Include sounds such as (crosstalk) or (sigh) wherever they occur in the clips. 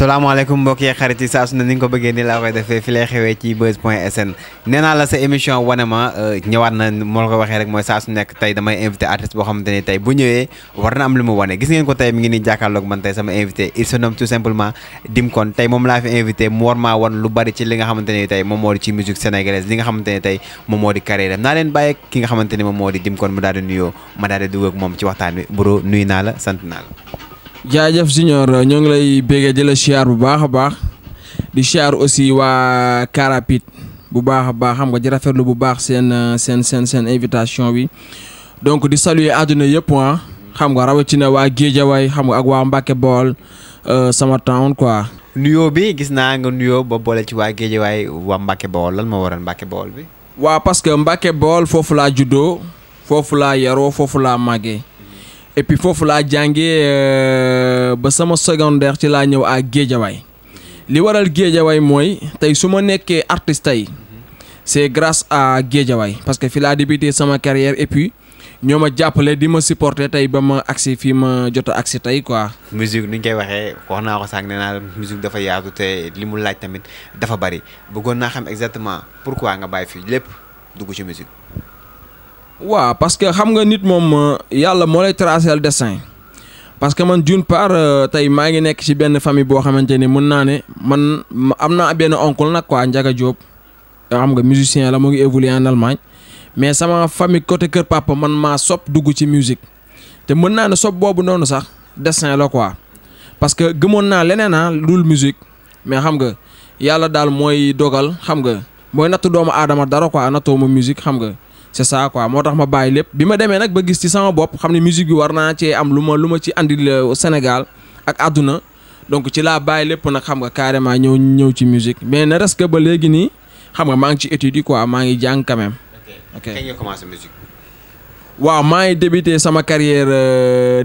salaamaaleykum mbokk yi xarit yi saa su ne ni nga ko bëggee ni laa koy defee fi lay xewee ci buzz naa la sa émission wane ma euh, ñëwaat na moo la ko waxee rek mooy saa su nekk tey damay invité artiste boo xamante tey bu ñëwee war na am lu mu wane gis ngeen ko tey mi ngi nii jàkkaarloog man tey sama invité il se nomme tout simplement Dimkon tey moom laa fi invité mu war maa wan lu bari ci li nga xamante ni tey moom moo di ci musique sénégalaise li nga xamante ni tey moom moo di carrière naa leen bàyyi ki moo di Dimkon mu daal di nuyoo ma daal di dugg ak moom ci waxtaan wi jaajëf junior ñoo ngi lay béggee di la siyaar bu baax a baax di siyaar aussi waa Carapide bu baax a baax xam nga di rafetlu bu baax seen seen seen seen invitation bi donc di saluer àdduna yëpp waa ah. xam nga rawatina waa Géejawaay xam nga ak waa Mbàkke Bool euh, sama town quoi. nuyoo bi gis naa nga nuyoo ba boole ci waa Géejawaay waa Mbàkke Bool lan moo waral Mbàkke Bool bi. waaw parce que Mbàkke Bool foofu laa juddoo foofu laa yaroo foofu laa màggee. et puis foofu laa jàngee euh, ba sama secondaire ci laa ñëw à géejawaay li waral Guédiawaye mooy tey su ma nekkee artiste tey c'est grâce à Guédiawaye parce que fi laa débuté sama carrière et puis ñoo ma jàppale di ma supporter tey ba ma agsi fii ma jot a agsi tey quoi. musique ni ñu koy waxee wax naa ko sànq nee naa musique dafa yaatu te li mu laaj tamit dafa bari bëggoon naa xam exactement pourquoi nga bàyyi fii lépp duggu ci musique. waaw parce que xam nga nit moom euh, yàlla moo lay tracer le destin parce que man d'une part euh, tey maa ngi nekk ci benn famille boo xamante ni mën naa ne man am naa benn oncle nag quoi Ndiaga Diop xam nga musicien la mu ngi évoluer en Allemagne mais sama famille côté kër papa man maa sopp dugg ci musique te mën naa ne sopp boobu noonu sax destin la quoi parce que gëmoon naa leneen ah dul musique mais xam nga yàlla daal mooy dogal xam nga mooy natt doomu aadama dara quoi nattoo ma musique xam nga. c'est ça quoi moo tax ma bàyyi lépp bi ma demee nag ba gis ci sama bopp xam ne musique bi war naa cee am lu ma lu ma ci andil euh, Sénégal ak àdduna donc ci laa bàyyi lépp nag xam nga carrément ñëw ñëw ci musique mais ne reste que ba léegi nii xam nga maa ngi ci étude yi quoi maa ngi jàng quand nga commencé musique. waaw j'ai débuté ma carrière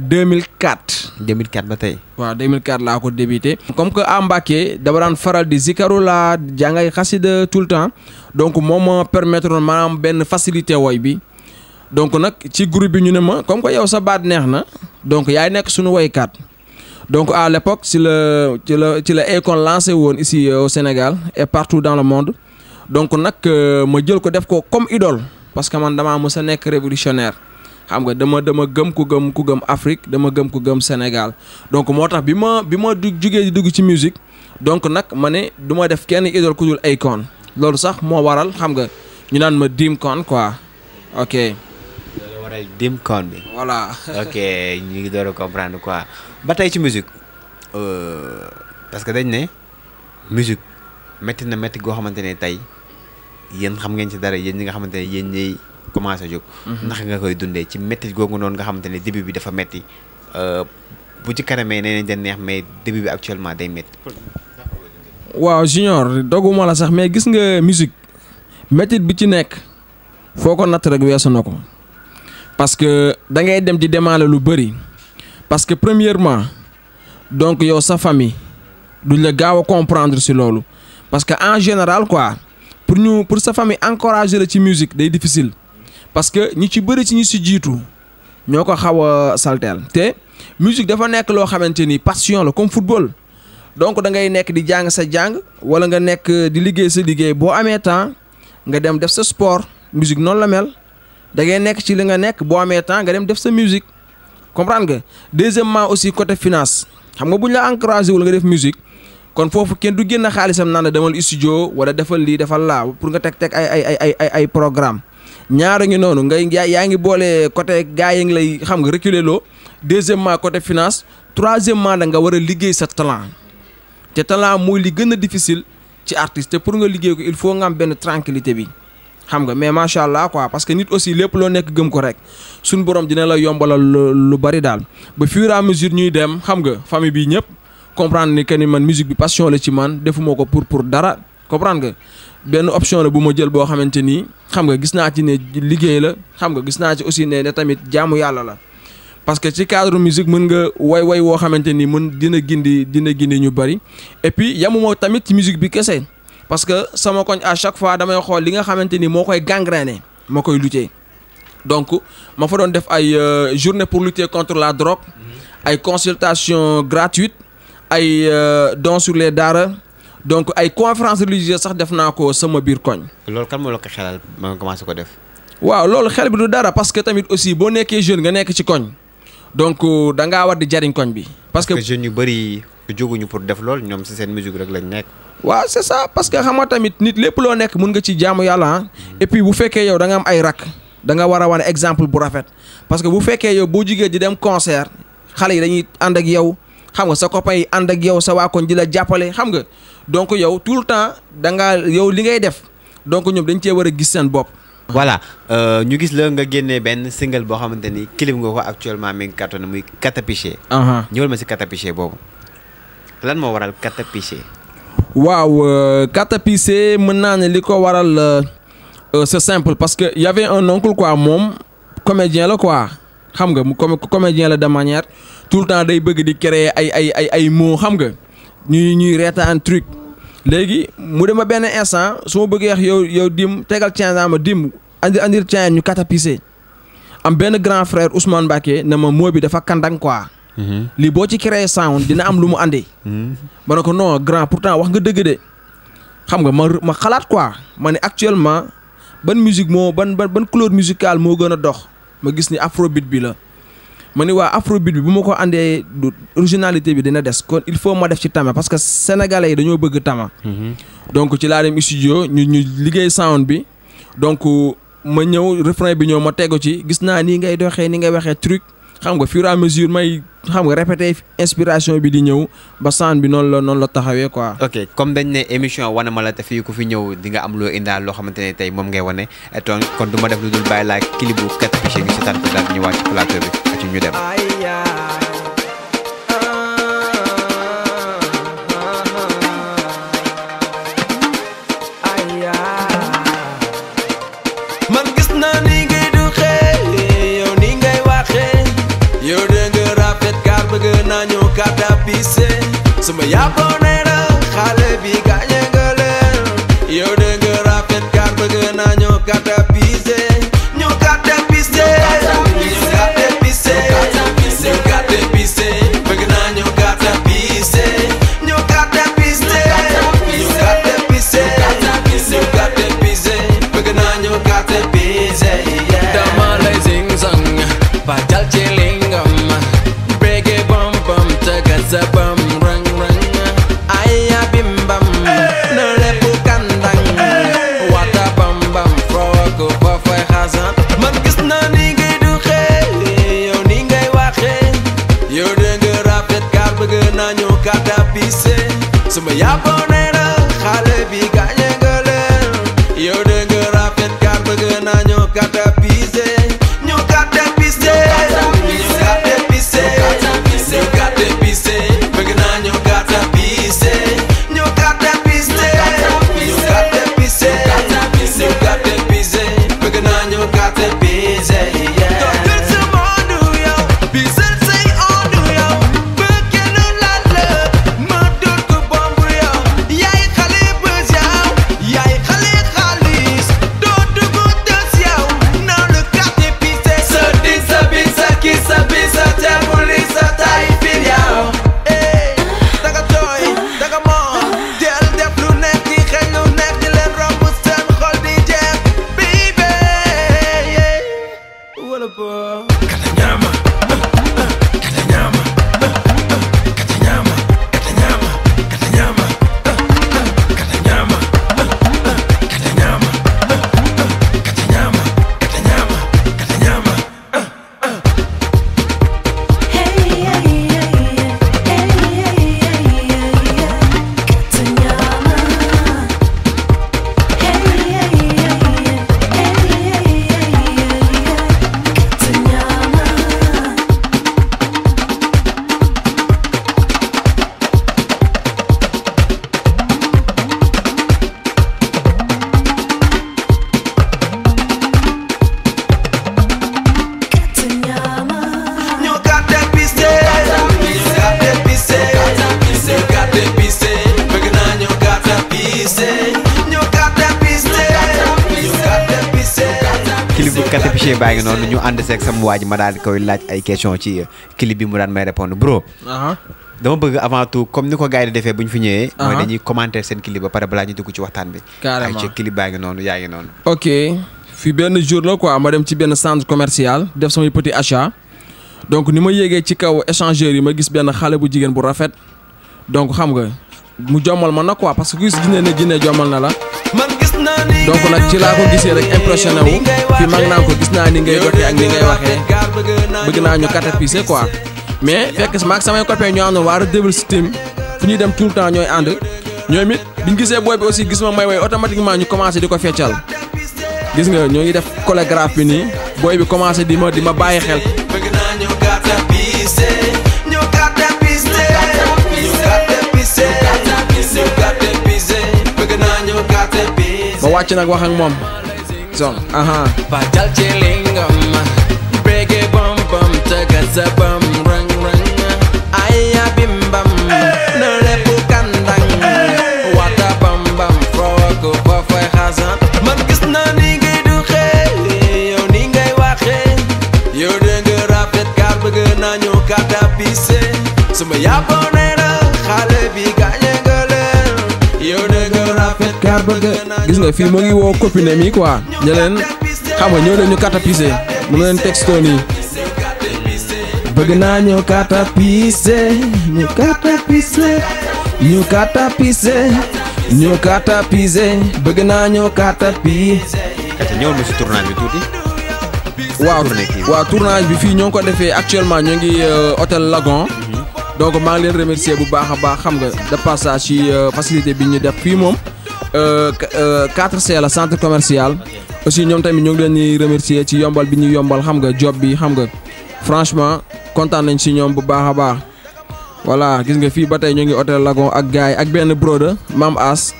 2004. Euh, 2004 ba tey. 2004 j'ai débuté. comme que Ambaké, Mbacké dama daan faral de zikaru laa jàngay xasida tout le temps donc moom ma permettre maanaam de facilité faciliter. bi donc dans ci groupe bi ñu comme que yow sa baat neex na donc yaay nekk suñu woykat donc à l'époque ci le ci le ci le icon lancé ici euh, au Sénégal et partout dans le monde donc je euh, ma jël ko def ko comme idole. parce que man damaa mës a nekk révolutionnaire xam nga dama dama gëm ku gëm ku gëm Afrique dama gëm ku gëm Sénégal donc moo tax bi ma bi ma jugee di dugg ci musique donc nag ma ne duma def kenn idole ku dul ay koon loolu sax moo waral xam nga ñu naan ma dim koon quoi ok. loolu bi. voilà (laughs) ok ñu ngi door a comprendre quoi ba tey ci musique euh, parce que dañ ne musique metti na métti goo xamante ne tey. yéen xam ngeen ci dara yéen ñi nga xamante ne yéen ñiy commencé mhm. ndax naka nga koy dundee ci métti googu noonu nga xamante ne début bi dafa métti euh, bu ci kanamee nee nañ da neex mais début bi actuellement day métti. waaw junior doguma la sax mais gis nga musique métit bi ci nekk foo ko natt ko parce que da ngay dem di demaale lu bëri parce que premièrement donc yow sa famille duñ la gaaw a comprendre si loolu parce que en général quoi pour ñu pour sa famille encourager la ci musique day difficile parce que ñi ci bëri ci ñi ci jitu ñoko xawa saltel té musique dafa nek lo xamanteni passion la comme football donc da ngay nek di jang sa jang wala nga nek di liggéey sa liggéey bo amé temps nga dem def sa sport musique non la mel da ngay nek ci li nga nek bo amé temps nga dem def sa musique comprendre nga deuxièmement aussi côté finance xam nga buñ la encourager wala nga def musique kon foofu kenn du génn xaalisam naan demal studio wala defal lii defal laaw pour nga teg teg ay ay ay ay ay programme ñaara ngi noonu ngay yaa ngi boole côté gars yi ngi lay xam nga reculer loo deuxièmement côté finance troisièmement da nga war a liggéey sa talent te talent mooy li gën a difficile ci artiste te pour nga liggéey ko il faut nga am benn tranquillité bi xam nga mais macha allah quoi parce que nit aussi lépp loo nekk gëm ko rek suñ borom dina la yombalal lu bari daal ba fur et ñuy dem xam nga famille bi ñëpp. comprendre ni que ni man musique bi passion la ci man defuma ko pour pour dara comprendre nga ben option le bon modèle jël boo xamante ni xam nga gis naa ci ne liggéey la xam nga gis ci aussi ne ne tamit yalla yàlla la. parce que ci cadre musique mën nga way way woo xamante ni mën dina gindi dina gindi ñu bari et puis yamuma tamit ci musique bi kese parce que sama koñ à chaque fois dans xool li nga xamante ni mon koy gangrené mon koy lutter donc ma fa doon def ay euh, journée pour lutter contre la drogue mm-hmm. ay consultation gratuite ay euh, don sur les daara donc ay conférence religieuse sax def naa ko sama biir koñ. loolu kan moo la ko xelal ba nga commencé ko def. waaw loolu xel bi du dara parce que tamit aussi boo nekkee jeune nga nekk ci koñ donc euh, da ngaa war di jariñ koñ bi. parce que jeunes yu bëri jóguñu pour def loolu ñoom si seen musique rek lañ nekk. waa c'est ça parce que xam nga tamit nit lépp loo nekk mun nga ci jaamu yàlla ah. hmm. et puis bu fekkee yow danga am ay rak da nga war a wane exemple bu rafet parce que bu fekkee yow boo jigéen di dem concert xale yi dañuy ànd ak yow. xam nga sa copain yi ànd ak yow sa wa ko ndila la xam nga donc yow tout temps da nga yow li ngay def donc ñom dañ ci wara gis sen bop voilà euh, ñu gis la nga génné ben single bo xamanteni clip nga ko actuellement mi ngi cartonné muy Katapiché. ñewal ma ci catapiché bop lan mo waral catapiché waaw catapiché euh, mën na ne liko waral euh, euh c'est simple parce que y avait un oncle quoi mom comédien la quoi xam nga mu comédien la de manière. tout le temps day bëgg di créer ay ay ay ay mots xam nga ñuy ñuy reetaan truc léegi mu ma benn instant su ma bëggee wax yow yow dim tegal caa ma dim andi andir caa ñu catapise am benn grand frère Ousmane Mbacké ne ma moo bi dafa kandang quoi. Mhm. lii boo ci créer sound dina am lu mu andi. Mhm. ma ne ko non grand pourtant wax nga dëgg de xam nga ma ma xalaat quoi ma ne actuellement ban musique moo ban ban ban couleur musicale moo gën a dox ma gis ni afrobeat bi la. ma ni waa afrobeat bi bu ma ko àndee du originalité bi dina des kon il faut ma def ci tama parce que sénégalais yi dañoo bëgg tama mhm. donc ci laa dem studio ñu ñu liggéey sound bi donc ma ñëw refrain bi ñëw ma tegu ci gis naa nii ngay doxee ni ngay waxee truc xam nga fur et à mesure may xam nga répété inspiration bi di ñëw ba saan bi noonu la noonu la taxawee quoi. ok comme dañ ne émission wane ma la te fii ku fi ñëw di nga am loo indaal loo xamante ne tey moom ngay wane kon du ma def lu dul bàyyi laa clip bu kat bi si seetaan ko ñëwaat ci plateau bi ci ñu dem. But me ya pone. baa ngi noonu ñu ànd seeg sama waa ji ma daal di koy laaj ay question ci euh, clip bi mu daan may répondre bro. Uh-huh. dama bëgg avant tout comme ni ko gars di defee bu ñu fi ñëwee. Uh-huh. mooy dañuy commenter seen clip ba pare balaa ñu dugg ci waxtaan bi. carrément ay ci clip baa ngi noonu yaa ngi noonu. ok fi benn jour la quoi ma dem ci benn centre commercial def samay petit achat donc ni ma yéegee ci kaw échangeur yi ma gis benn xale bu jigéen bu rafet donc xam nga. mu jommal ma na quoi parce que ku gis jinne ne jinne jommal na la donc nag ci laa ko gisee rek impressionné wu fi mag naa ko gis naa ni ngay doxee ak ni ngay waxee bëgg naa ñu catapiser quoi mais fekk si maag samay copains ñoo àndoon waa Devil Team fu ñuy dem tout le temps ñooy ànd ñoom it biñ gisee booy bi aussi gis ma may way automatiquement ñu commencé di ko feccal gis nga ñoo ngi def chorégraphe bi nii booy bi commencé di ma di ma bàyyi xel. wàcc nag wax moom song aha fajal ci lingam bege bom bom tëgga sa bom rang rang aya bimbam ne lepp kandang wata bam bam frogo ba fay xasan man gis na ni ngay duxe yow ni ngay waxe yow de nga rafet kaar bëgg naa ñëw katapise suma yàbboone na xale bi gaañ bëgg gis nga fii mu ngi woo copine mi quoi ñu leen xam nga ñëw leen ñu catapisé mu leen texto nii bëgg naa ñu catapisé ñu catapisé ñu catapisé ñu catapisé bëgg naa ñëw catapisé. kati ñëwal ma si tournage bi tuuti. waaw waaw tournage bi fii ñoo ngi ko defee actuellement ñoo ngi euh, hôtel Lagon. Mhm. donc maa ngi leen remercier bu baax a baax xam nga de passage ci euh, facilité bi ñu def fii moom. 4C euh, euh, la centre commercial. aussi ñoom tamit ñoo ngi leen di remercier ci yombal bi ñu yombal xam nga job bi xam nga franchement kontaan nañ si ñoom bu baax a baax. voilà gis nga fii ba tey ñu ngi hôtel Lagon ak gars yi ak benn broda maam As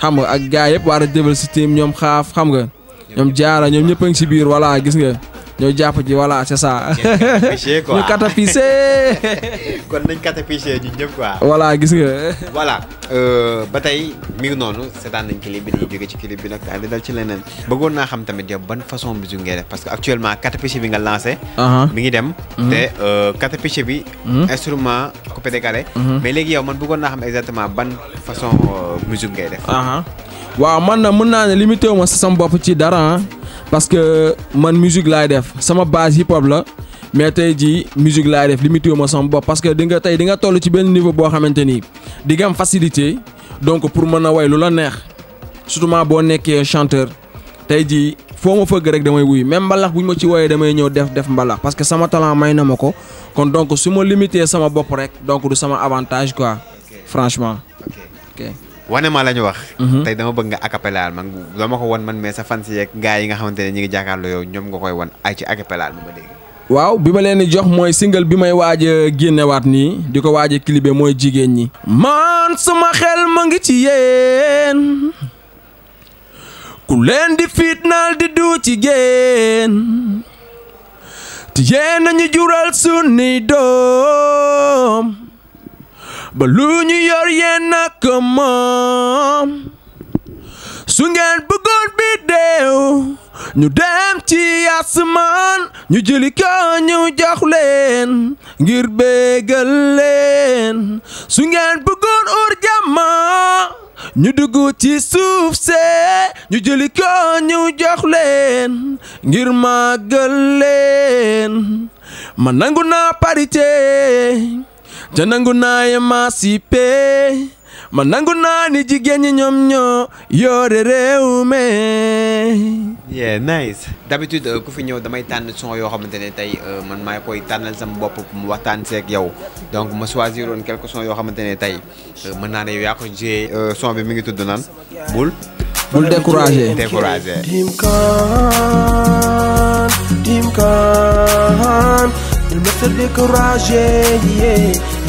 xam nga ak gars yëpp war a jëbal si team ñoom xaaf xam nga ñoom jaara ñoom ñëpp a ngi si biir voilà gis nga. ñoo jàpp ji voilà c'est ça. ñu catapissé (laughs) kon nañ catapissé ñu ñëpp quoi. voilà gis nga. voilà euh, ba tey mi ngi noonu seetaan nañ clip bi dañuy jóge ci clip bi nag daal di dal ci bëggoon naa xam tamit yow ban façon musique ngay def parce que actuellement catapissé bi nga lancé. Uh-huh. mi ngi dem. Mm-hmm. te euh, catapissé bi. Mm-hmm. instrument coupé décalé. Mm-hmm. mais léegi yow man bëggoon naa xam exactement ban façon euh, musique ngay def. Uh-huh. waaw man na mën naa ne limité wu bopp ci dara ah. parce que man musique laay def sama base hip hop la mais tay di musique laay def limité ma sama bop parce que di nga tey di nga toll ci ben niveau bo xamanteni ni di facilité donc pour meuna way lu la neex surtout boo nekkee chanteur tay di fo mo fëgg rek damay wuy même mbalax buñ ñu ma ci woyee damay ñew def def mbalax parce que sama talent may na ma kon donc su ma limité sama bop rek donc du sama avantage quoi franchement ok. wane ma la wax. Mhm. tay dama bëgg nga acapella man dama ko won man mais sa fans yi gaay yi nga xamantene ñi ngi yow ñom nga koy wan ay ci acapella bi ma dégg. waaw bima leen jox moy single bi may waaj a génnewaat ni diko ko clipé moy jigéen ñi. man suma xel ma ngi ci yeen ku leen di fitnal di du ci ti yeen nañu jural suni doom. ba lu ñu yor yen a ko moom su ngeen bëggoon bi ñu dem ci asamaan ñu jëli ñu jox leen ngir bégal leen su ngeen bëggoon ur jàmma ñu dugg ci suuf see ñu jëli ko ñu jox leen ngir màggal leen ma nangu naa parité ja nangu naa émancipé ma nangu naa ni jigéen ñi ñoom ñoo yore réew mi. yeah nice d'habitude euh, ku fi ñëw damay tànn son yoo xamante ne tey euh, man maay koy tànnal sama bopp mu waxtaan seeg yow donc ma choisir woon quelques son yoo xamante ne tey euh, mën naa ne yow yaa ko son bi mi ngi tudd naan bul. bul découragé découragé dim kan dim kan bul ma sa découragé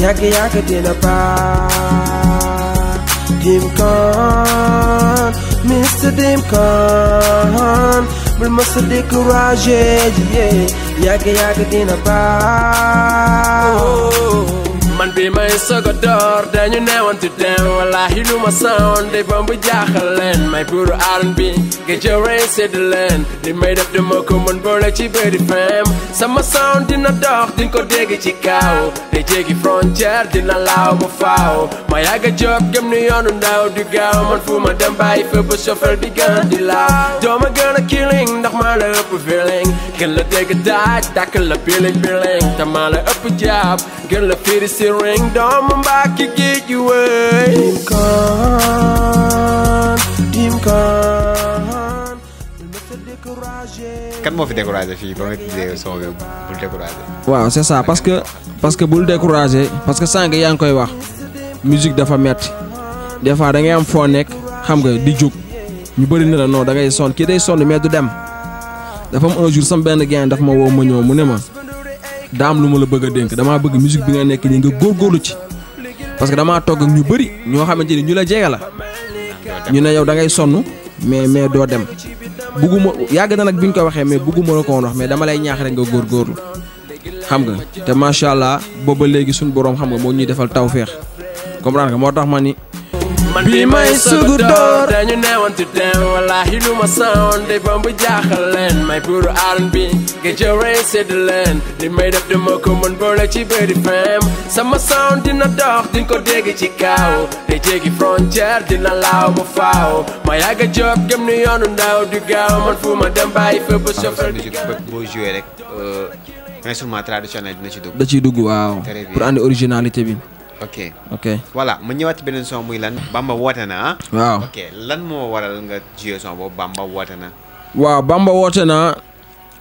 yàgg yàgg dina baax dim kan Mr. Dim Khan bul ma sa découragé yàgg yàgg dina baax man be my bi door, then you never want to ti dem I hear my sound di bam bu jaaxal leen may buuru aaron bi nga jëwee sedd leen li may def dama ko mën boole ci bëri fem sama sound dina dox di ko They take kaaw te jéggi frontière not laaw ba foul. My yàgg job, jóg gëm ni yoonu ndaw di gaaw man fu ma dem bàyyi fa ba chauffeur di gën di laaw doo ma gën a killing ndax maa up ëpp feeling Can I take a die, la biling feeling, te maa la ëpp job, gën a pity di ring doomu Mbàkke géej gi wéy fii ba nga tuddee waaw c'est ça parce que parce que bul découragé parce que sànq yaa ngi koy wax musique dafa met des fois da ngay am foo nekk xam nga di jóg ñu bëri na la non da ngay sonn kii day sonn mais du dem dafa am un sama benn gain daf ma woo ma mu ne ma daam lu ma la bëgg dénk damaa bëgg musique bi nga nekk ñi nga góorgóorlu ci parce que damaa togg ak ñu bëri ñoo xamante ni ñu la jege la ñu ne yow da ngay sonn mais mais doo dem bugguma yàgg na nag bi ñu ko waxee mais bëgguma la ko woon wax mais dama lay ñaax rek góor góorgóorlu xam nga te macha allah booba léegi suñu borom xam nga moo ñuy defal tawféex comprendre nga moo tax ma ni my Be sugar door Then you never want to ti teen I hear my sound defam bu jaaxal leen may pour R&B nga jëwee sedd leen li may def dama ko mën boole ci bëri fem sama sound dina dox din ko dégg ci kaw te jéggi frontière dina laaw ba My ma yàgg a job gëm ni yoonu ndaw du gaaw man fu ma dem bàyyi fa ba chauffeur di gaaw boo joué rek instrument uh, traditionnel dina ci dugg da ciy dugg waaw pour andi originalité bi ok ok voilà ma ñëwaat ci beneen son muy lan Bamba woote na ah. waaw lan moo waral nga jiyee son boobu Bamba woote na waaw Bamba woote na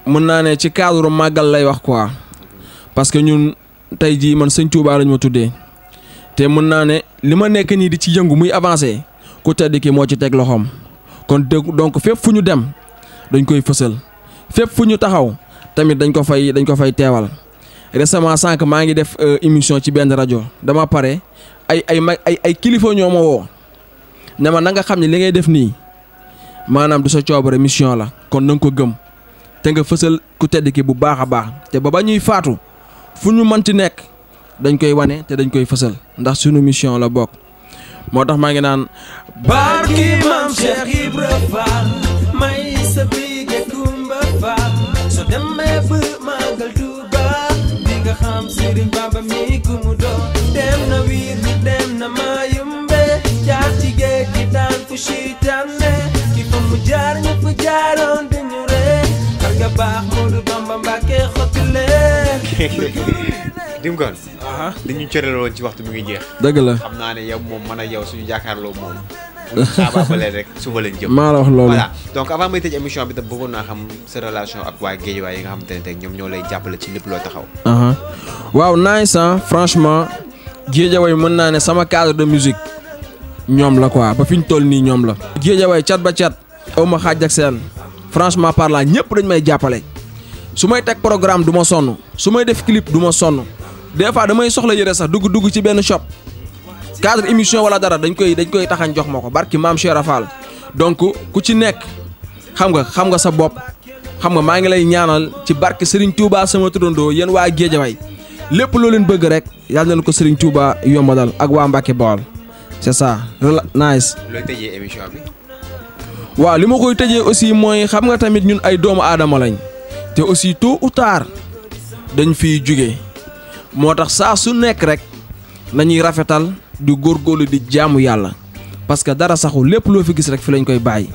mën naa ne ci cadre màggal lay wax quoi parce que ñun tey jii man sëñ Tuubaa lañ ma tuddee te mën naa ne li ma nekk nii di ci jëngu muy avancé ku tedd moo ci teg loxoom kon donc fépp fu ñu dem dañ koy fësal fépp fu ñu taxaw tamit dañ ko fay dañ ko fay teewal récemment sànq maa ngi def euh, émission ci benn rajo dama pare ay ay ma ay ay kilifa ñoo ma woo ne ma na nga xam ne li ngay def nii maanaam du sa coobare mission la kon na ko gëm te nga fësal ku tedd ki bu baax a baax te ba ba ñuy faatu fu ñu ci nekk dañ koy wane te dañ koy fësal ndax sunu mission la bokk moo tax maa ngi naan barki maam Cheikh Ibra Fall may sa bi kumba Fall so demee ba màggal xam Sëriñ Bamba mi ku mu doon dem na wiir mi dem na Mayumbe jaar ci géej gi daan fu seytaan ne ki fa mu jaar ñëpp jaaroon dañu ree xar nga baax Moodu Bamba Mbàkke xottu leen (laughs) Dimgon. li ñu cëraloon ci waxtu mu ngi jeex. dëgg la xam naa ne yow moom man a yow suñu jàkkaarloo moom. xaabaabale rek suba lañ jëm. maa la wax loolu voilà donc avant may tëj émission bi tam bëggoon naa xam sa relation ak waa Guédiawaye yi nga xamante ne tey ñoom ñoo lay jàppale ci lépp loo taxaw. Uh-huh. waaw nice ah franchement Guédiawaye mën naa ne sama cadre de musique ñoom la quoi ba fi ñu toll nii ñoom la. Guédiawaye cat ba cat. aw ma xaaj ak seen franchement parlant ñëpp dañ may jàppale su may teg programme du ma sonn su may def clip du ma sonn des fois damay soxla yëre sax dugg dugg ci benn shop. cadre émission wala dara dañ koy dañ koy taxañ jox mako barki mam Cheikh Rafal donc ku ci nek xam nga xam nga sa bop xam nga ma ngi lay ñaanal ci barki Serigne Touba sama yeen wa waa way lepp lo leen bëgg rek yàlla leen ko Serigne Touba yombalal ak wa Mbacke Bawal c'est ça nice. looy tëjee émission bi. wa li koy tejé aussi moy xam nga tamit ñun ay doomu adama lañ te aussi tôt ou tard dañ fi juggé motax sa su nek rek nañuy rafetal. di góorgóorlu di jaamu yàlla parce que dara saxu lépp loo fi gis rek fi lañ koy bàyyi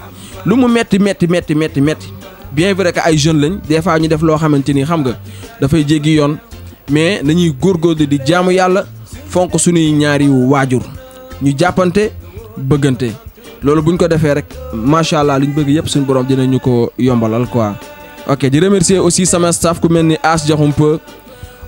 lu mu metti metti metti metti metti bien vrai que ay jeunes lañ des fois ñu def loo xamante ni xam nga dafay jéggi yoon mais nañuy góorgóorlu di jaamu yàlla fonk suñuy ñaari waajur ñu jàppante bëggante loolu buñ ko defee rek macha allah luñ bëgg yëpp suñu borom dinañu ko yombalal quoi. ok di remercier aussi sama staff ku mel ni As Diakhoumpa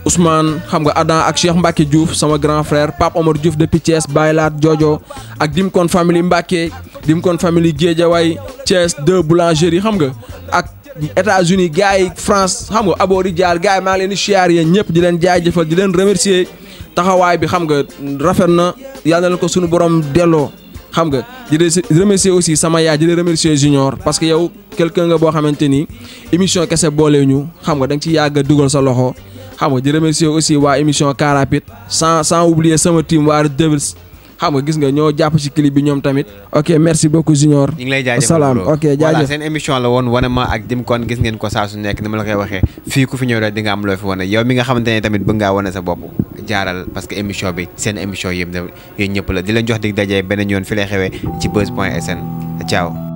Ousmane xam nga Adam ak Cheikh Mbacke Diouf sama grand frère Pape Omar Diouf depuis Thiès Baylaat joojoo ak kon Dimkon family Mbacke Dimkon family Guédiawaye Thiès deux boulangeries xam nga ak États-Unis gars France xam nga aboori jaar gars maa ngi leen di siyaar yéen ñëpp di leen jaajëfal di leen remercier taxawaay bi xam nga rafet na yàlla na leen ko suñu borom delloo xam nga di remercier aussi sama yaay di remercier Junior parce que yow quelqu'un nga boo xamante ni émission kese boole ñu xam nga da nga yàgg a dugal sa loxo. xam nga di remercier aussi waa émission Car Rapide sans sans oublier sama team waa Devils xam nga gis nga ñoo jàpp ci clip bi ñoom tamit ok merci beaucoup Junior ñu lay jaajëf salaam ok jaajëf voilà seen émission la woon wane ma ak dim kon gis ngeen ko saa nekk ni ma la koy waxee fii ku fi ñëw rek di nga am loo fi wane yow mi nga xamante ne tamit bëgg ngaa wane sa bopp jaaral parce que émission bi seen émission yëpp ñëpp la di leen jox dig dajee beneen yoon fi lay xewee ci buzz point sn